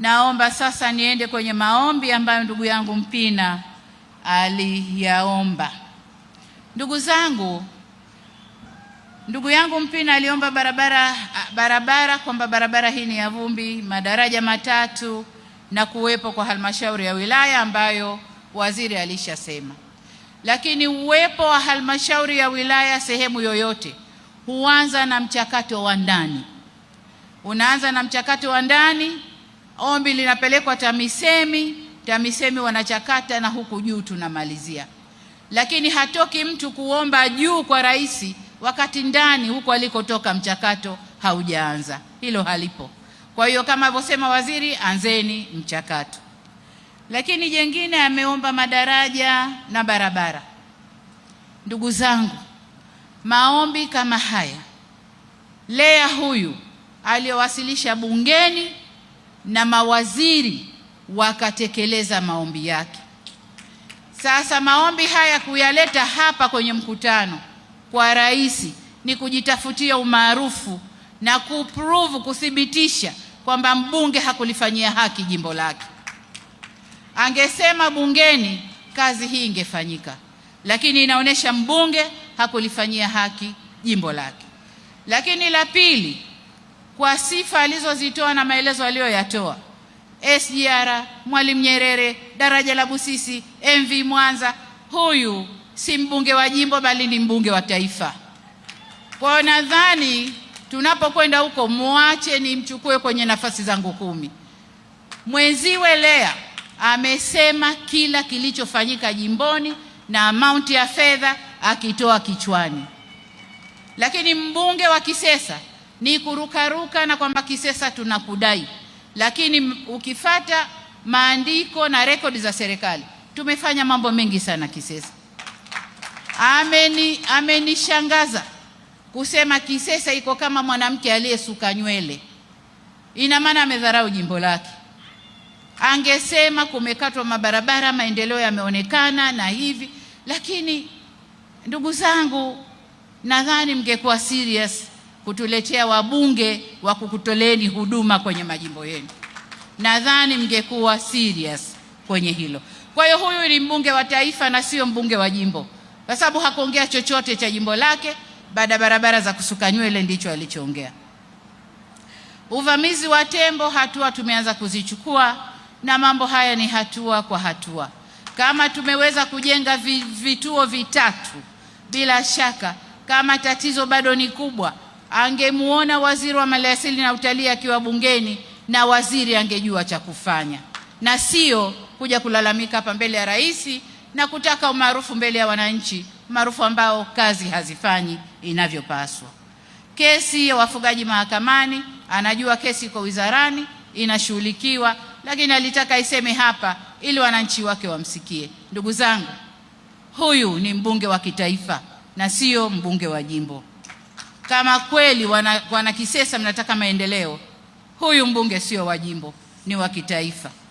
Naomba sasa niende kwenye maombi ambayo ndugu yangu Mpina aliyaomba. Ndugu zangu, ndugu yangu Mpina aliomba barabara, barabara kwamba barabara hii ni ya vumbi, madaraja matatu na kuwepo kwa halmashauri ya wilaya ambayo waziri alishasema. Lakini uwepo wa halmashauri ya wilaya sehemu yoyote huanza na mchakato wa ndani, unaanza na mchakato wa ndani ombi linapelekwa TAMISEMI, TAMISEMI wanachakata na huku juu tunamalizia. Lakini hatoki mtu kuomba juu kwa rais wakati ndani huko alikotoka mchakato haujaanza, hilo halipo. Kwa hiyo kama alivyosema waziri, anzeni mchakato. Lakini jengine ameomba madaraja na barabara. Ndugu zangu, maombi kama haya lea huyu aliyowasilisha bungeni na mawaziri wakatekeleza maombi yake. Sasa maombi haya kuyaleta hapa kwenye mkutano kwa rais ni kujitafutia umaarufu na kuprove, kuthibitisha kwamba mbunge hakulifanyia haki jimbo lake. Angesema bungeni, kazi hii ingefanyika, lakini inaonyesha mbunge hakulifanyia haki jimbo lake. Lakini la pili kwa sifa alizozitoa na maelezo aliyoyatoa SGR, Mwalimu Nyerere, daraja la Busisi, MV Mwanza. Huyu si mbunge wa jimbo bali ni mbunge wa taifa. Kwa hiyo nadhani tunapokwenda huko, muache nimchukue kwenye nafasi zangu kumi. Mwenziwe Lea amesema kila kilichofanyika jimboni na amaunti ya fedha akitoa kichwani, lakini mbunge wa Kisesa ni kurukaruka na kwamba Kisesa tunakudai, lakini ukifata maandiko na rekodi za serikali tumefanya mambo mengi sana Kisesa. Ameni amenishangaza kusema Kisesa iko kama mwanamke aliyesuka nywele. Ina maana amedharau jimbo lake. Angesema kumekatwa mabarabara, maendeleo yameonekana na hivi, lakini ndugu zangu, nadhani mngekuwa serious kutuletea wabunge wa kukutoleni huduma kwenye majimbo yenu. Nadhani mngekuwa serious kwenye hilo. Kwa hiyo huyu ni mbunge wa taifa na sio mbunge wa jimbo, kwa sababu hakuongea chochote cha jimbo lake. Baada ya barabara za kusuka nywele, ndicho alichoongea. Uvamizi wa tembo, hatua tumeanza kuzichukua, na mambo haya ni hatua kwa hatua. Kama tumeweza kujenga vituo vitatu, bila shaka kama tatizo bado ni kubwa angemuona waziri wa maliasili na utalii akiwa bungeni, na waziri angejua cha kufanya, na sio kuja kulalamika hapa mbele ya rais na kutaka umaarufu mbele ya wananchi, maarufu ambao kazi hazifanyi inavyopaswa. Kesi ya wafugaji mahakamani, anajua kesi iko wizarani inashughulikiwa, lakini alitaka iseme hapa ili wananchi wake wamsikie. Ndugu zangu, huyu ni mbunge wa kitaifa na sio mbunge wa jimbo. Kama kweli wana, wana Kisesa mnataka maendeleo, huyu mbunge sio wa jimbo, ni wa kitaifa.